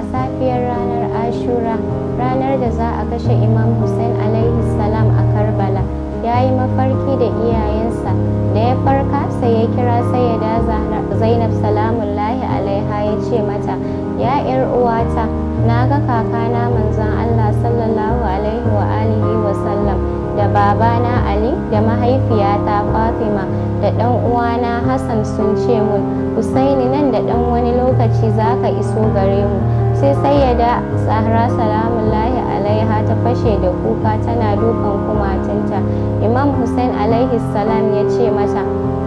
a safiyar ranar ashura ranar da za a kashe imam hussein alaihi salam a karbala ya yi mafarki da iyayensa da ya farka sai ya kira sayyada zainab salamullahi alaiha ya ce mata ya yar uwata na ga kakana manzan allah sallallahu alaihi wa alihi wa sallam da babana ali da mahaifiyata fatima da ɗan uwana hassan sun ce mun husaini nan da ɗan wani lokaci za ka iso gare mu sai sayyada sahara salamullahi alaiha ta fashe da kuka tana dukan kumatinta imam hussein alaihi salam ya ce mata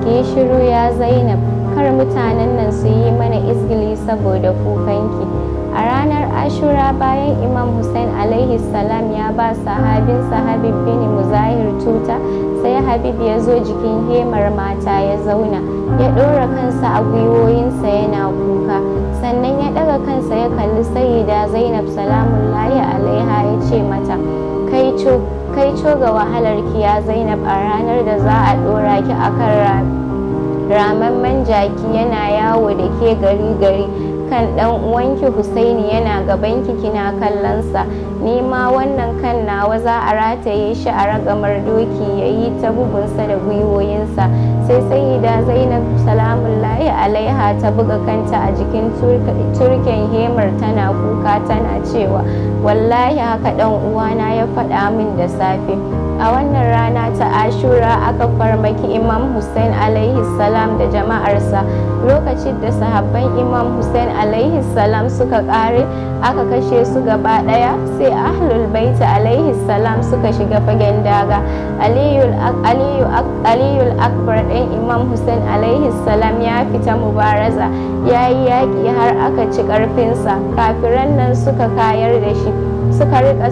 ki yi shiru ya zainab kar mutanen nan su yi mana izgili saboda kukanki a ranar ashura bayan imam hussein alaihi salam ya ba sahabinsa habib bin muzahir tuta sai habib ya zo jikin hemar mata ya zauna ya ɗora kansa a gwiwoyinsa yana ku sannan ya ɗaga kansa ya kalli sayida zainab salamullahi alaiha ya ce mata kai co ga ki ya zainab a ranar da za a ɗora ki a kan manja jaki yana yawo da ke gari gari kan ɗan uwanki husaini yana gabanki kina kallonsa nima wannan kan nawa za a rataye shi a ragamar doki ya yi ta bugunsa da gwiwoyinsa sai sayida zainab salamullahi alaiha ta buga kanta a jikin turken hemar tana kuka tana cewa wallahi haka dan uwana ya faɗa min da safe a wannan rana ta ashura aka farmaki imam hussein alaihi salam da jama'arsa lokacin da sahabban imam hussein alaihi salam suka kare aka kashe su gaba daya sai ahlul baiti alaihi salam suka shiga fagen daga aliyul akbar ɗin imam hussein alaihi salam ya fita mubaraza ya yi yaƙi har aka ci ƙarfinsa kafiran nan suka kayar da shi suka rika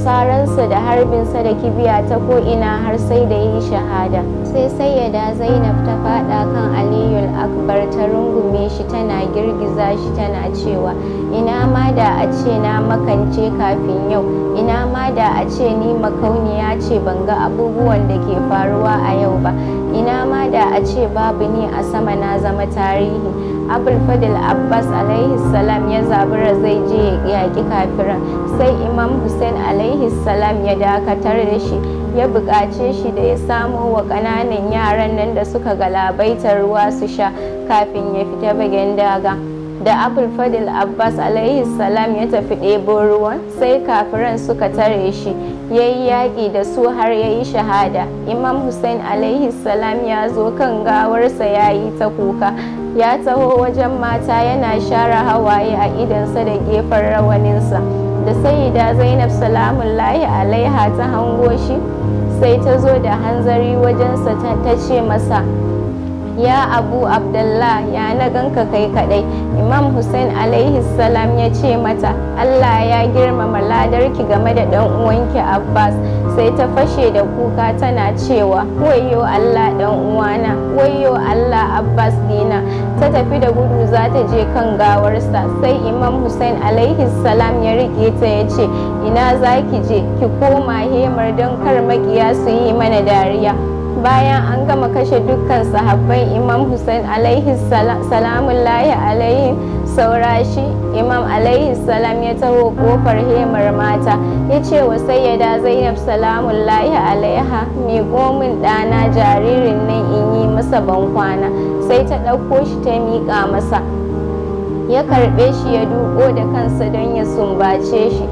saransa da harbinsa da kibiya ta ko'ina har sai da yi shahada sai sayyada zainab ta fada kan aliyul akbar ta rungume shi tana girgiza shi tana cewa ina ma da a ce na makance kafin yau ina ma da a ce ni makauniya ce ban ga abubuwan da ke faruwa a yau ba ina ma da a ce babu ni a sama na zama tarihi abul fadil abbas alaihi salam ya zaɓi zai je ya yaƙi kafiran sai imam hussein alaihi salam ya dakatar da shi ya buƙace shi da ya samo wa ƙananan yaran nan da suka galabaitar ruwa su sha kafin ya fita bagen daga da abul fadil abbas alaihi salam ya tafi ɗebo ruwan sai kafiran suka tare shi ya yi yaƙi da su har ya yi shahada imam hussein alaihi salam ya zo kan gawarsa ya yi ta kuka ya taho wajen mata yana share hawaye a idansa da gefen rawaninsa da sayida zainab salamun lahi alaiha ta hango shi sai ta zo da hanzari wajensa ta ce masa ya abu abdullah ya na ganka kai kadai imam hussein alaihi salam ya ce mata allah ya girmama ladarki game da dan uwanki abbas sai ta fashe da kuka tana cewa wayo allah dan uwana wayo allah abbas dina ta tafi da gudu za ta je kan gawarsa sai imam hussein alaihi salam ya rike ta ya ce ina za ki je ki koma hemar don kar makiya su yi mana dariya bayan an gama kashe dukkan sahabban imam hussein alaihi salamun lahi alaihi saura imam alaihi salam ya taho kofar hemar mata ya ce wa sayyada zainab salamun lahi alaiha mai gomin ɗana jaririn nan in yi masa ban kwana sai ta ɗauko shi ta miƙa masa ya karɓe shi ya duko da kansa don ya sumbace shi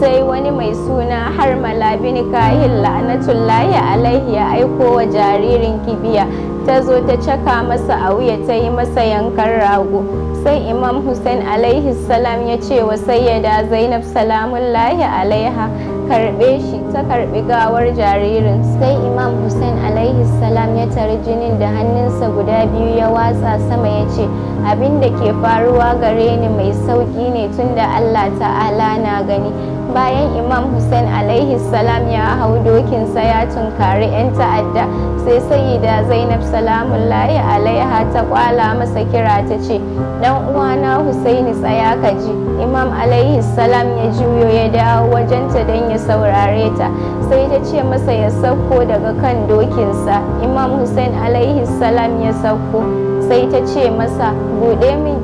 sai wani mai suna har malabin kahil la'anatullahi alaihi ya aiko wa jaririn kibiya ta zo ta caka masa a wuya ta yi masa yankan rago sai imam hussein alaihi salam ya ce wa sayyada zainab salamullahi alaiha karbe shi ta karbi gawar jaririn sai imam hussein alaihi salam ya tari jinin da hannunsa guda biyu ya watsa sama ya ce abin da ke faruwa gare ni mai sauki ne tunda allah ta'ala na gani bayan imam hussein alaihi salam ya hau dokinsa ya tunkari 'yan ta'adda sai sayida zainab salamullahi alaiha ta kwala masa kira ta ce dan uwana husaini tsaya ka ji imam alaihi salam ya juyo ya dawo wajenta don ya saurare ta sai ta ce masa ya sauko daga kan dokinsa imam hussein alaihi salam ya sauko sai ta ce masa buɗe min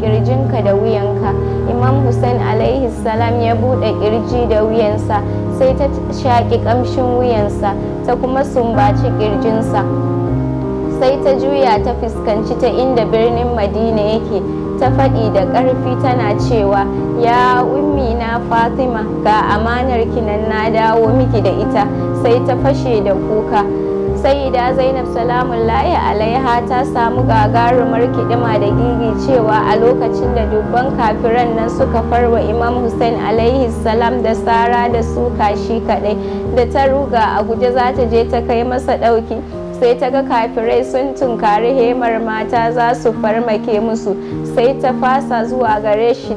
ka da wuyanka imam hussein alaihi salam ya buɗe ƙirji da wuyansa sai ta shaƙi ƙamshin wuyansa ta kuma sumbaci ƙirjinsa sai ta juya ta fuskanci ta inda birnin madina yake ta faɗi da ƙarfi tana cewa ya ummi na fatima ga amanar ki kinan na dawo miki da ita sai ta fashe da kuka Sayyida Zainab Salamullahi alaiha ta samu gagarumar kidima da gigi cewa a lokacin da dubban kafiran nan suka farwa Imam Hussein alaihi salam da Sara da suka kashi kadai da ta ruga a guje za ta je ta kai masa dauki. sai ta ga kafirai sun tunkari hemar mata za su farmake musu sai ta fasa zuwa gare shi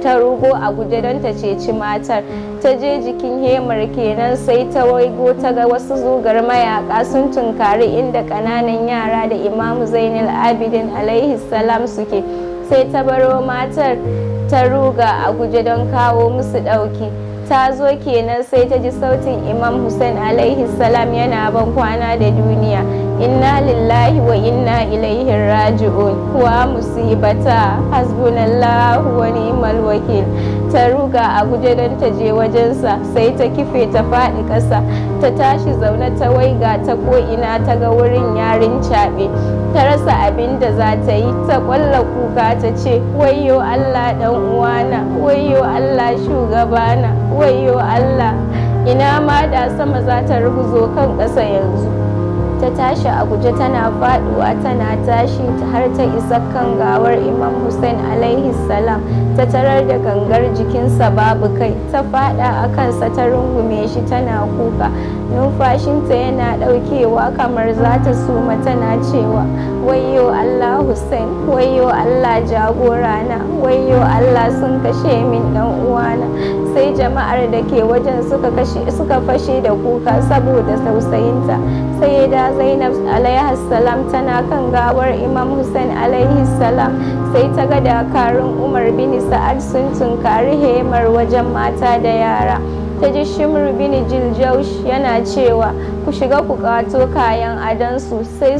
ta rugo a guje don ta ceci matar ta je jikin hemar kenan sai ta waigo ta ga wasu zugar mayaka sun tunkari inda kananan yara da imamu zainul abidin alaihi salam suke sai ta baro matar ta ruga a guje don kawo musu ɗauki. ta zo kenan sai ta ji sautin imam hussein alaihi salam yana ban kwana da duniya inna lillahi wa inna ilaihi raji'un wa musibata hasbunallahu wa ni'mal wakil ta ruga a guje don ta je wajensa sai ta kife ta faɗi ƙasa ta tashi zaune ta waiga ta ko'ina ta ga wurin yarin caɓe ta rasa abin da za ta yi ta ƙwalla kuka ta ce wayo allah ɗan uwana wayo allah shugabana wayo allah ina ma da sama za ta ruguzo kan ƙasa yanzu ta tashi a guje tana faduwa tana tashi har ta isa kan gawar imam hussein alaihi salam ta tarar da gangar jikinsa babu kai ta fada a kansa ta rungume shi tana kuka numfashinta yana daukewa kamar za ta suma tana cewa wayo allah hussein wayo allah jagorana wayo allah sun kashe min dan uwana sai jama'ar da ke wajen suka fashe da kuka saboda sausayinta sai da zainab salam tana kan gawar imam hussein salam sai ta ga dakarun umar bin sa'ad sun tunkari hemar wajen mata da yara ta ji shimru bin jiljaush yana cewa ku shiga ku kato kayan adansu sai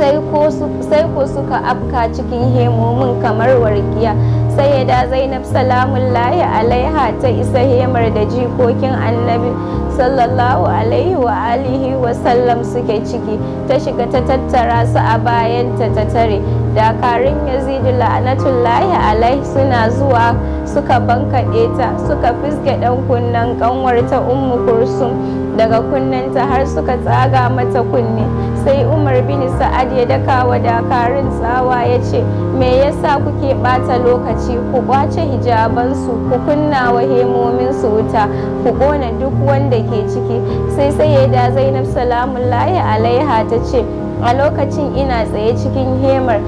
sai ko suka afka cikin hemomin kamar warkiya sai da zainab salamun layi alaiha ta isa hemar da jikokin annabi sallallahu alaihi wa alihi wa sallam suke ciki ta shiga ta tattara su a bayan ta tare dakarun yazidu la'anatullahi alaihi suna zuwa suka bankaɗe ta suka fiske ɗan kunnen ƙanwar ta ummu kursum daga kunnenta har suka tsaga mata kunne sai umar bin sa'ad ya daka wa dakarun tsawa ya ce me yasa kuke ɓata lokaci ku ƙwace hijabansu ku kunna wa su wuta ku ƙona duk wanda ke ciki sai sai da zainab salamullahi alaiha ta ce a lokacin ina tsaye cikin hemar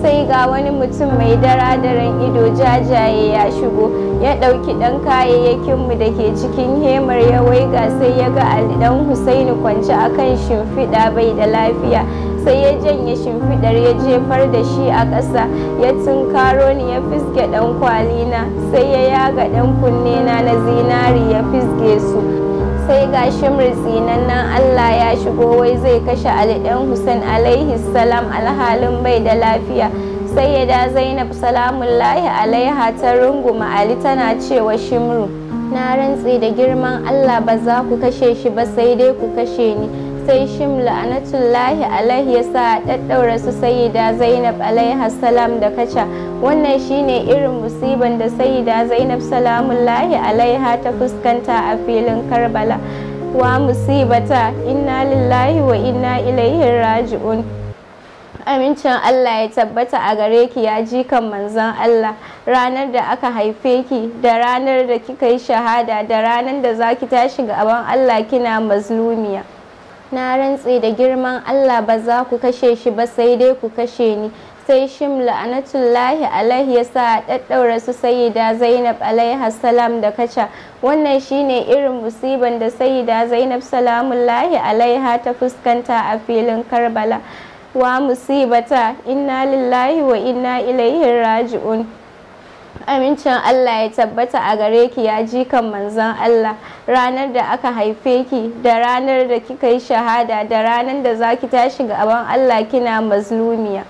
sai ga wani mutum mai dara-daran ido jajaye ya shigo ya ɗauki ɗan kayayyakinmu da ke cikin hemar ya waiga sai ya ga ɗan husaini kwance akan shimfiɗa bai da lafiya sai ya janye shimfiɗar ya jefar da shi a ƙasa ya tunkaro ni ya fisge ɗan kwalina sai ya yaga ɗan kunnena na zinari ya fisge su sai ga shimri zinan nan Allah ya shigo wai zai kashe Ali dan Hussein alaihi salam alhalin bai da lafiya sai ya da Zainab salamullahi alaiha ta runguma Ali tana cewa shimru na rantse da girman Allah ba za ku kashe shi ba sai dai ku kashe ni sai shim lahi alaihi ya sa ɗaɗɗaura su sayida zainab alaihi salam da kaca wannan shine irin musiban da sayida zainab lahi alaiha ta fuskanta a filin karbala wa musibata inna lillahi wa inna ilaihi raji'un amincin Allah ya tabbata a gare ki ya kan manzon Allah ranar da aka haife ki da ranar da kika yi shahada da ranar da za ki tashi gaban Allah kina mazlumiya. na rantse da girman Allah ba za ku kashe shi ba sai dai ku kashe ni sai shim la'anatullahi alaihi ya sa ɗaɗɗaura su sayida zainab alaihi salam da kaca wannan shine irin musiban da sayida zainab salamullahi alaiha ta fuskanta a filin karbala wa musibata inna lillahi wa inna ilaihi raji'un Amincin Allah ya tabbata a gare ki ya kan manzon Allah ranar da aka haife ki da ranar da kika yi shahada da ranar da za ki tashi gaban Allah kina mazlumiya.